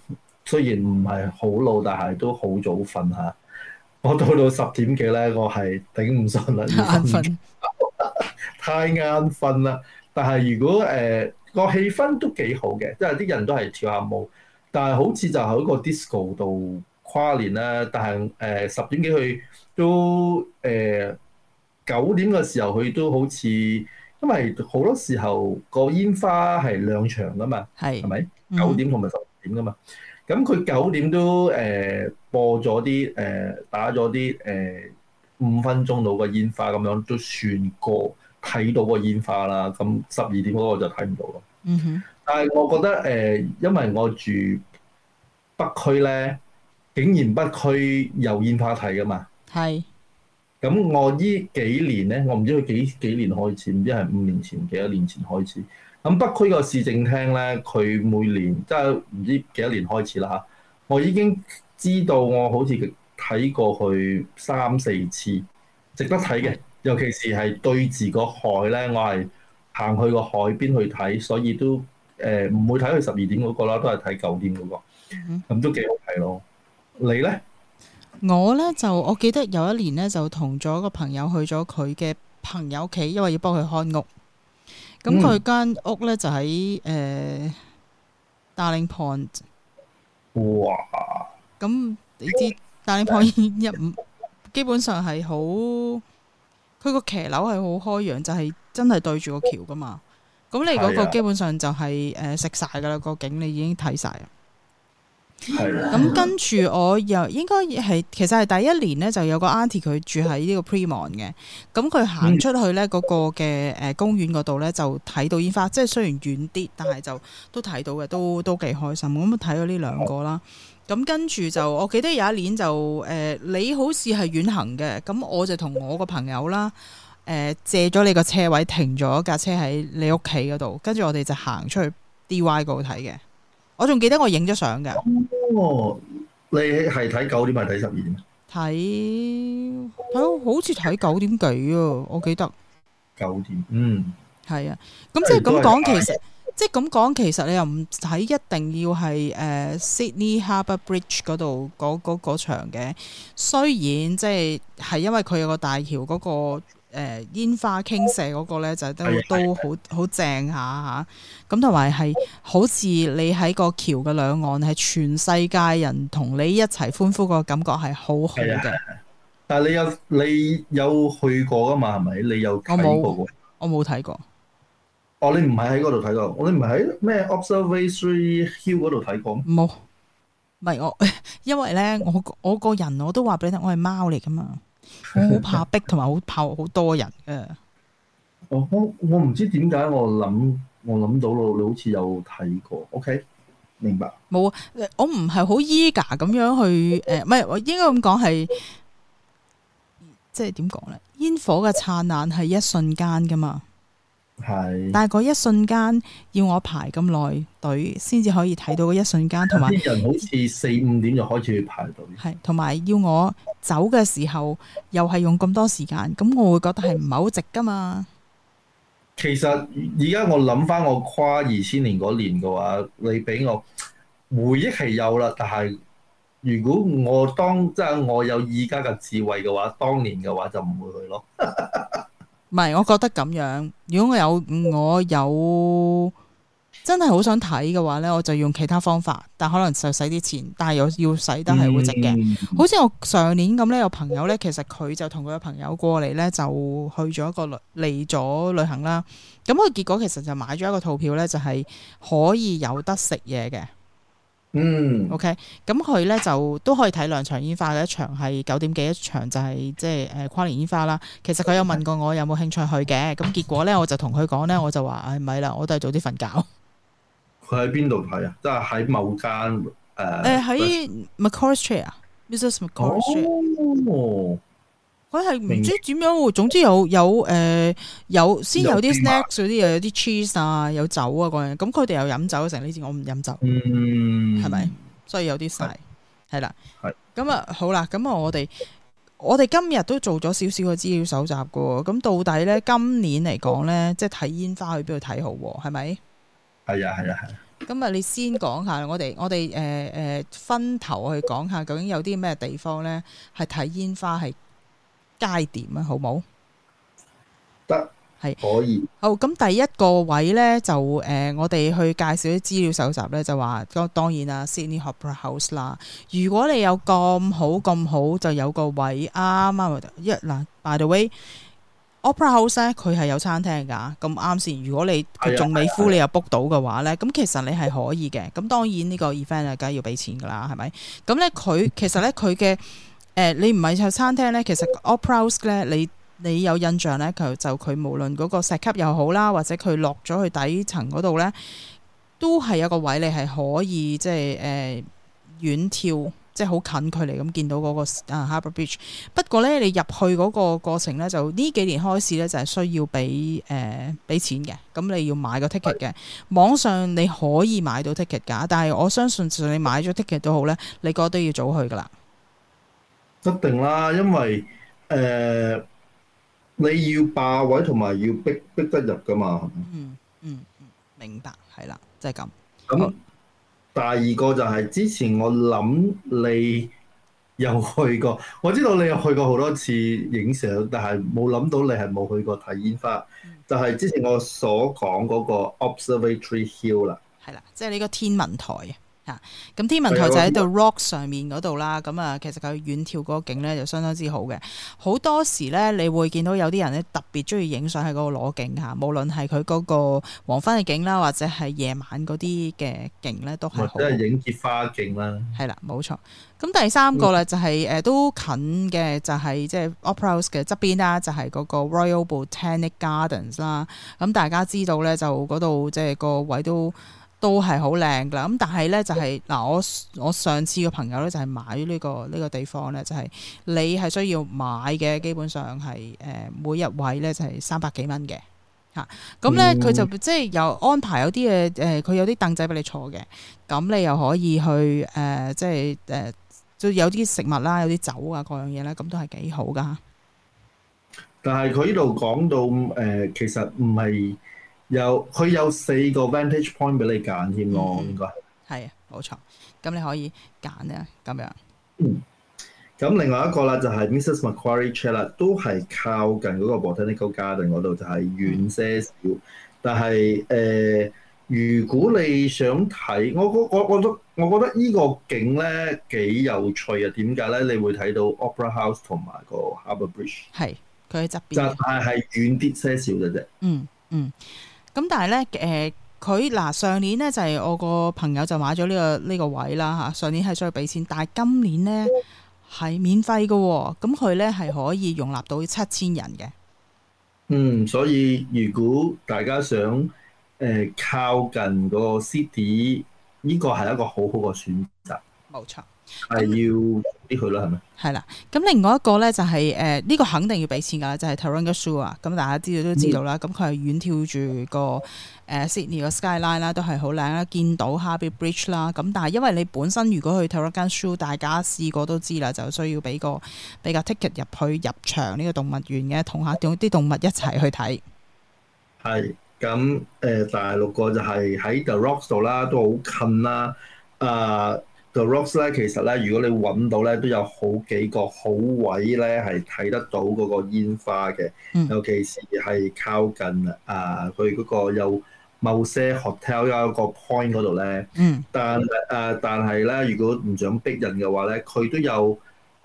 雖然唔係好老，但係都好早瞓吓。我到到十點幾咧，我係頂唔順啦，瞓 (laughs) (laughs) 太眼瞓啦。但係如果誒、呃，嗰個氣氛都幾好嘅，即係啲人都係跳下舞，但係好似就喺個 disco 度跨年啦。但係誒十點幾去都誒，呃九點嘅時候，佢都好似，因為好多時候個煙花係兩場噶嘛，係咪？九點同埋十點噶嘛，咁佢九點都誒、呃、播咗啲誒打咗啲誒五分鐘到嘅煙花咁樣，都算過睇到過煙個煙花啦。咁十二點嗰個就睇唔到咯。嗯哼。但係我覺得誒、呃，因為我住北區咧，竟然北區有煙花睇噶嘛？係。咁我依幾年咧，我唔知佢幾年開始，唔知係五年前幾多年前開始。咁北區個市政廳咧，佢每年即係唔知幾多年開始啦嚇。我已經知道我好似睇過去三四次，值得睇嘅。尤其是係對住個海咧，我係行去個海邊去睇，所以都誒唔會睇佢十二點嗰、那個啦，都係睇九點嗰、那個，咁都幾好睇咯。你咧？我咧就我記得有一年咧就同咗個朋友去咗佢嘅朋友屋企，因為要幫佢看屋。咁佢間屋咧就喺誒、呃、Darling Point。哇！咁你知 (laughs) Darling Point 一五基本上係好，佢個騎樓係好開揚，就係、是、真係對住個橋噶嘛。咁你嗰個基本上就係誒食晒噶啦，個、啊呃、景你已經睇晒。係、嗯、啦，咁、嗯嗯嗯、跟住我又應該係其實係第一年咧，就有個 auntie 佢住喺呢個 Pyrmont 嘅，咁佢行出去咧嗰、嗰個嘅誒公園嗰度咧，就睇到煙花，即係雖然遠啲，但係就都睇到嘅，都都幾開心。咁啊睇到呢兩個啦，咁、嗯、跟住就我記得有一年就誒、呃、你好似係遠行嘅，咁我就同我個朋友啦，誒、呃、借咗你個車位停咗架車喺你屋企嗰度，跟住我哋就行出去 dy 嗰度睇嘅。我仲記得我影咗相嘅。你係睇九點定係睇十二點？睇，睇好似睇九點幾喎，我記得。九點，嗯，係啊。咁即係咁講，說其實、哎、即係咁講，其實你又唔睇一定要係誒、呃、Sydney Harbour Bridge 嗰度嗰嗰場嘅。雖然即係係因為佢有個大橋嗰、嗰個。誒、呃、煙花傾瀉嗰個咧，就是、都都、啊、好好正下嚇。咁同埋係好似你喺個橋嘅兩岸，係全世界人同你一齊歡呼，個感覺係好好嘅。但係你有你有去過噶嘛？係咪你有睇過？我冇，我冇睇過。哦，你唔係喺嗰度睇過？我哋唔係喺咩 Observatory Hill 嗰度睇過？冇，唔係我，因為咧，我我個人我都話俾你聽，我係貓嚟噶嘛。好怕逼，同埋好怕好多人嘅。 (laughs) 我我我唔知點解，我諗我諗到咯。你好似有睇過。OK，明白。冇，我唔係好依家咁樣去，誒、呃，唔係，我應該咁講係，即係點講咧？煙火嘅燦爛係一瞬間噶嘛。係，但係嗰一瞬間要我排咁耐隊先至可以睇到嗰一瞬間，同埋啲人好似四五點就開始去排隊，係，同埋要我走嘅時候又係用咁多時間，咁我會覺得係唔係好值㗎嘛。其實而家我諗返我跨二千年嗰年嘅話，你俾我回憶係有啦，但係如果我當即係我有依家嘅智慧嘅話，當年嘅話就唔會去咯。 (laughs) 唔係，我覺得咁樣，如果我有我有真係好想睇嘅話咧，我就用其他方法，但可能就使啲錢，但係又要使得係會值嘅。嗯。好似我上年咁咧，有朋友咧，其實佢就同佢嘅朋友過嚟咧，就去咗一個旅嚟咗旅行啦。咁佢結果其實就買咗一個套票咧，就係可以有得食嘢嘅。嗯，OK，咁佢咧就都可以睇兩場煙花嘅，一場係九點幾，一場就係即係誒跨年煙花啦。其實佢有問過我有冇興趣去嘅，咁結果咧我就同佢講咧，我就話唉唔係啦，我都係、哎、早啲瞓覺。佢喺邊度睇啊？即係喺某間誒誒、呃、喺、呃、Macquarie Chair 啊，Mrs Macquarie Chair。佢係唔知點樣，總之有有誒、呃、有先有啲 snacks 啲嘢、啊，有啲 cheese 啊，有酒啊嗰樣，咁佢哋又飲酒成呢次，我唔飲酒，係咪、嗯？所以有啲晒係啦。咁啊，好啦，咁啊，我哋我哋今日都做咗少少嘅資料搜集噶，咁到底咧今年嚟講咧，即係睇煙花去邊度睇好？係咪？係啊係啊係啊。咁啊，啊啊啊你先講下我哋我哋誒誒分頭去講下，究竟有啲咩地方咧係睇煙花係？階點啊，好冇？得係可以。好、哦、咁，第一個位咧就誒、呃，我哋去介紹啲資料搜集咧，就話當當然啦，Sydney Opera House 啦。如果你有咁好咁好，就有個位啱一嗱。By the way，Opera House 咧，佢係有餐廳噶，咁啱先。如果你佢仲未 full 你又 book 到嘅話咧，咁、哎、其實你係可以嘅。咁、哎、當然，個當然要錢呢個 event 啊，梗係要俾錢噶啦，係咪？咁咧佢其實咧佢嘅。 (laughs) 誒、呃，你唔係餐廳咧，其實 Opera House 咧，你你有印象咧，佢就佢無論嗰個石級又好啦，或者佢落咗去底層嗰度咧，都係有個位你係可以即係誒遠眺，即係好、呃、近距離咁見到嗰個啊 Harbour Beach。不過咧，你入去嗰個過程咧，就呢幾年開始咧，就係需要俾誒俾錢嘅，咁你要買個 ticket 嘅。網上你可以買到 ticket 噶，但係我相信就算你買咗 ticket 都好咧，你都都要早去噶啦。一定啦，因為誒、呃、你要霸位同埋要逼逼得入㗎嘛。嗯嗯，明白，係啦，就係、是、咁。咁、嗯、第二個就係之前我諗你又去過，我知道你又去過好多次影相，但係冇諗到你係冇去過睇煙花。嗯、就係、是、之前我所講嗰個 Observatory Hill 啦，係啦，即係呢個天文台啊。咁天文台就喺度 Rock 上面嗰度啦，咁啊，其實佢遠眺嗰個景咧就相當之好嘅。好多時咧，你會見到有啲人咧特別中意影相喺嗰個攞景吓，無論係佢嗰個黃昏嘅景啦，或者係夜晚嗰啲嘅景咧，都係。哦，即係影煙花景啦。係啦，冇錯。咁第三個咧就係、是、誒、嗯、都近嘅，就係即係 Opera House 嘅側邊啦，就係嗰個 Royal Botanic Gardens 啦。咁大家知道咧，就嗰度即係個位都。都係好靚噶啦，咁但係呢，就係嗱，我我上次個朋友呢，就係買呢個呢個地方呢，就係你係需要買嘅，基本上係誒每日位呢，就係三百幾蚊嘅嚇，咁呢，佢就即係有安排有啲嘢誒，佢有啲凳仔俾你坐嘅，咁你又可以去誒，即係誒，即有啲食物啦，有啲酒啊，各樣嘢咧，咁都係幾好噶。但係佢呢度講到誒，其實唔係。有佢有四個 vantage point 俾你揀添咯，應該係啊，冇、嗯、錯。咁你可以揀咧咁樣。嗯。咁另外一個啦，就係 Mrs Macquarie Chair 都係靠近嗰個 Botanical Garden 嗰度，就係遠些少。但係誒、呃，如果你想睇，我我我，我覺得我覺得依個景咧幾有趣啊！點解咧？你會睇到 Opera House 同埋個 Harbour Bridge。係，佢喺側邊。但係係遠啲些少嘅啫。嗯嗯。咁但係咧，誒佢嗱上年咧就係我個朋友就買咗呢、呢個呢、呢個位啦嚇，上年係需要俾錢，但係今年咧係免費嘅，咁佢咧係可以容納到七千人嘅。嗯，所以如果大家想誒、呃、靠近個 city，呢個係一個好好嘅選擇。冇錯。係要啲佢啦，係咪？係、嗯、啦，咁另外一個咧就係誒呢個肯定要俾錢噶，就係、是、Taronga Zoo 啊。咁大家知道都知道啦。咁佢係遠眺住個誒 Sydney 個 skyline 啦，都係好靚啦，見到 Harbour Bridge 啦。咁但係因為你本身如果去 Taronga 睇一間 Zoo，大家試過都知啦，就需要俾個比較 ticket 入去入場呢個動物園嘅，同下啲動物一齊去睇。係咁誒，第六個就係喺 The Rocks 啦，都好近啦，啊。The Rocks 咧，其實咧，如果你揾到咧，都有好幾個好位咧，係睇得到嗰個煙花嘅。嗯。尤其是係靠近啊，佢嗰個有某些 hotel 有一個 point 嗰度咧。嗯。但誒、啊，但係咧，如果唔想逼人嘅話咧，佢都有誒、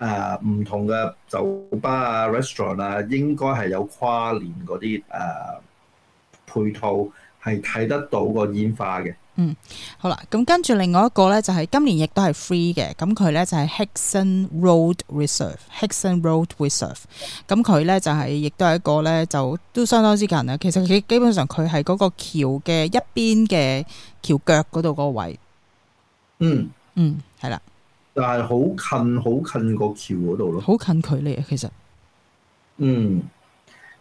啊、唔同嘅酒吧啊、restaurant 啊，應該係有跨年嗰啲誒配套係睇得到個煙花嘅。嗯，好啦，咁跟住另外一個咧就係今年亦都係 free 嘅，咁佢咧就係 Hickson Road Reserve，Hickson Road Reserve，咁佢咧就係亦都係一個咧就都相當之近啊，其實佢基本上佢係嗰個橋嘅一邊嘅橋腳嗰度個位，嗯嗯，係啦，但係好近好近個橋嗰度咯，好近距離啊，其實，嗯。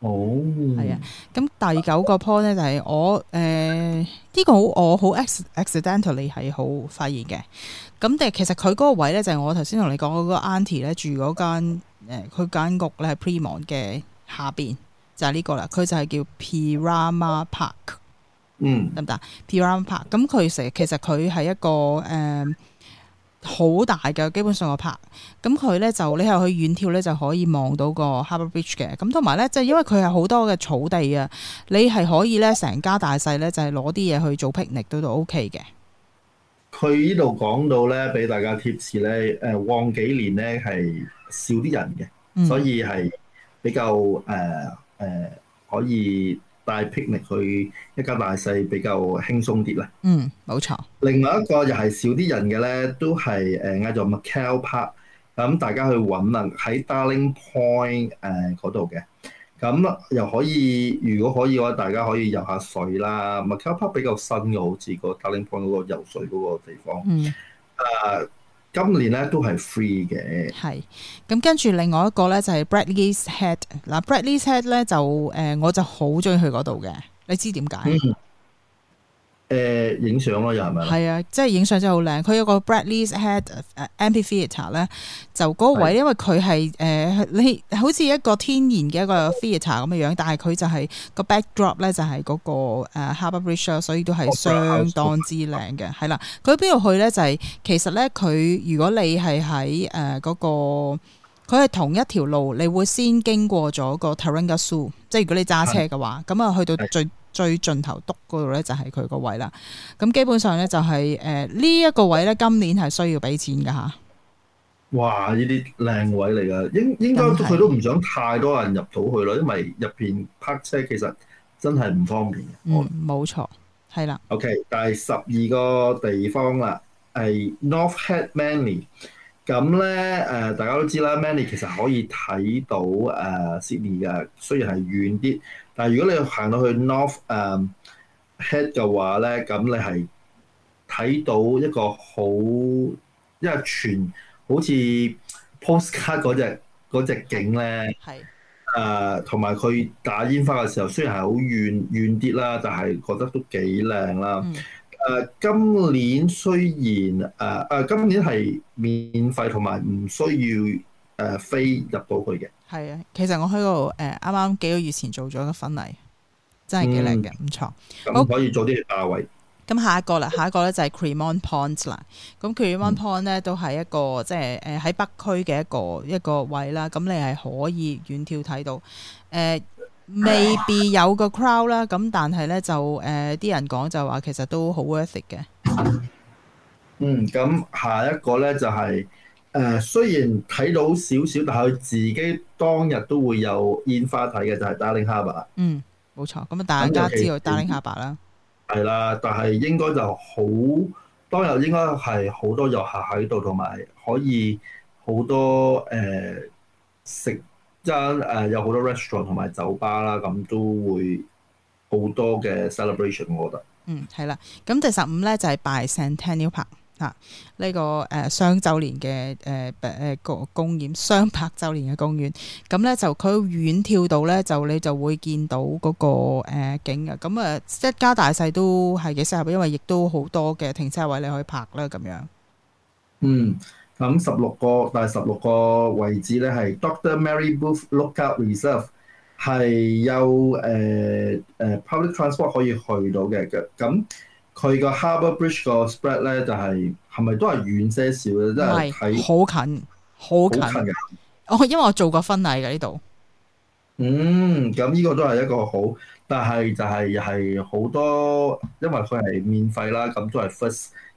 哦、oh.，係啊，咁第九個 point 咧就係、是、我誒呢、呃這個我好 ex- accidentally 係好發現嘅，咁但係其實佢嗰個位咧就係、是、我頭先同你講嗰個 auntie 咧住嗰間佢、呃、間屋咧 premont 嘅下邊就係、是、呢個啦，佢就係叫 pyrama park，嗯、mm. 得唔得？pyrama park 咁佢成其實佢係一個誒。呃好大嘅，基本上我拍咁佢呢，那就你係去遠眺呢，就可以望到個 Harbour Beach 嘅咁，同埋呢，即係因為佢係好多嘅草地啊，你係可以呢成家大細呢，就係攞啲嘢去做 picnic，都都 OK 嘅。佢呢度講到呢，俾大家貼士呢，誒、呃、往幾年呢係少啲人嘅，所以係比較誒誒、呃呃、可以。帶魄力去一家大細比較輕鬆啲啦。嗯，冇錯。另外一個又係少啲人嘅咧，都係誒嗌做 McKell Park。咁大家去揾啦，喺 Darling Point 誒嗰度嘅。咁又可以，如果可以嘅話，大家可以遊下水啦。McKell Park 比較新嘅，好似個 Darling Point 嗰個游水嗰個地方。嗯。啊！今年咧都係 free 嘅。係咁，跟住另外一個咧就係 Bradley's Head，嗱 Bradley's Head 咧就誒，我就好中意去嗰度嘅，你知點解？嗯誒、呃，影相咯又係咪？係啊，即係影相真係好靚。佢有個 Bradley's Head Amphitheatre 呢，咧，就嗰個位，因為佢係誒，你、呃、好似一個天然嘅一個 theatre 咁嘅樣，但係佢就係、是那個 backdrop 咧就係嗰個誒 Harbour Bridge，所以都係相當之靚嘅。係、oh，啦，佢邊度去咧？就係、是、其實咧，佢如果你係喺誒嗰個，佢係同一條路，你會先經過咗個 Taronga Zoo，即係如果你揸車嘅話，咁啊去到最。最盡頭篤嗰度咧就係佢個位啦，咁基本上咧就係誒呢一個位咧，今年係需要俾錢嘅吓？哇！呢啲靚位嚟嘅，應應該佢都唔想太多人入到去啦，因為入邊泊車其實真係唔方便。嗯，冇錯，係啦。OK，第十二個地方啦，係 North Head Manly。咁咧，誒、呃、大家都知啦，Manly 其實可以睇到誒、uh, Sydney 嘅，雖然係遠啲，但係如果你行到去 North 誒、um, Head 嘅話咧，咁你係睇到一個,一個好，因為全好似 postcard 嗰隻嗰隻景咧，係誒同埋佢打煙花嘅時候，雖然係好遠遠啲啦，但係覺得都幾靚啦。嗯誒、呃、今年雖然誒誒、呃、今年係免費同埋唔需要誒、呃、飛入到去嘅，係啊，其實我喺度誒啱啱幾個月前做咗個婚禮，真係幾靚嘅，唔、嗯、錯。咁、嗯、可以做啲亞位。咁下一個啦，下一個咧就係 Cremorne Point 啦。咁 Cremorne Point 咧、嗯、都係一個即係誒喺北區嘅一個一個位啦。咁你係可以遠眺睇到誒。呃未必有個 crowd 啦，咁但係咧就誒啲、呃、人講就話其實都好 worthy 嘅。嗯，咁下一個咧就係、是、誒、呃，雖然睇到少少，但係佢自己當日都會有煙花睇嘅，就係 Darling Harbour。嗯，冇錯。咁啊，大家知道 Darling Harbour 啦。係、嗯、啦，但係應該就好當日應該係好多遊客喺度，同埋可以好多誒、呃、食。真有好多 restaurant 同埋酒吧啦，咁都會好多嘅 celebration，我覺得。嗯，係啦，咁第十五咧就係 Bicentennial Park 嚇呢個，誒雙周年嘅、誒誒個公園，雙百周年嘅公園，咁咧就佢遠眺到咧就你就會見到嗰個景嘅，咁啊一家大細都係幾適合，因為亦都好多嘅停車位你可以拍啦。咁樣。嗯。咁十六個，但係十六個位置咧係 Doctor Mary Booth Lookout Reserve 係有誒誒、呃呃、public transport 可以去到嘅。嘅咁佢個 Harbour Bridge 個 spread 咧就係係咪都係遠些少咧？真係係好近好近嘅。我、哦、因為我做過婚禮嘅呢度。嗯，咁呢個都係一個好，但係就係係好多，因為佢係免費啦，咁都係 first。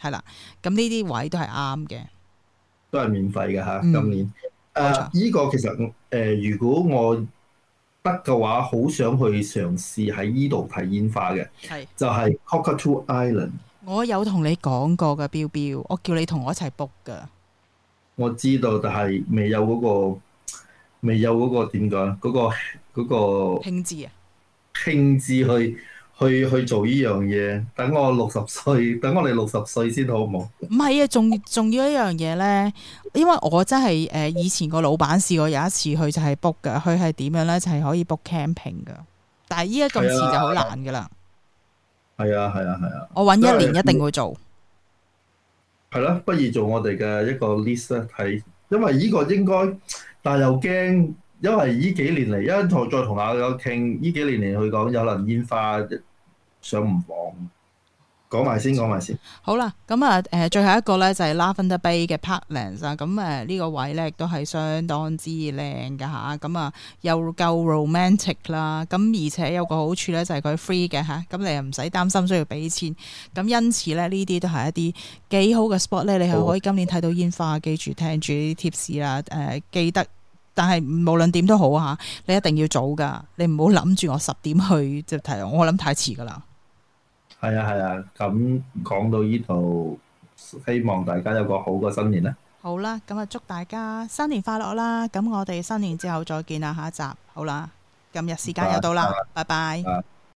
係啦，咁呢啲位都係啱嘅，都係免費嘅吓。今年，誒、嗯，依、uh, 這個其實誒、呃，如果我得嘅話，好想去嘗試喺依度睇煙花嘅，係就係、是、Cockatoo Island。我有同你講過嘅，Bill Bill，我叫你同我一齊 book 噶。我知道，但係未有嗰、那個，未有嗰、那個點講，嗰、那個嗰、那個興致啊，興致去。嗯去去做呢樣嘢，等我六十歲，等我哋六十歲先好唔好？唔係啊，仲重要一樣嘢咧，因為我真係誒，以前個老闆試過有一次佢就係 book 噶，佢係點樣咧就係、是、可以 book camping 噶，但係依家咁遲就好難噶啦。係啊係啊係啊！我搵一年一定會做。係咯，不如做我哋嘅一個 list 咧，睇，因為依個應該，但係又驚，因為依幾年嚟，一再同阿友傾，依幾年嚟佢講有能煙花。上唔房，講埋先完，講埋先完。好啦，咁啊，誒，最後一個咧就係 Lavender Bay 嘅 Parklands 啊。咁誒呢個位咧亦都係相當之靚噶吓。咁啊又夠 romantic 啦。咁而且有個好處咧就係佢 free 嘅吓。咁你又唔使擔心需要俾錢。咁因此咧呢啲都係一啲幾好嘅 spot 咧，你係可以今年睇到煙花。記住聽住啲貼士啦。誒，記得，但係無論點都好嚇，你一定要早㗎。你唔好諗住我十點去即睇，我諗太遲㗎啦。係啊係啊，咁講、啊、到呢度，希望大家有個好嘅新年啦。好啦，咁啊祝大家新年快樂啦！咁我哋新年之後再見啦，下一集。好啦，今日時間又到啦，拜拜。拜拜。拜拜。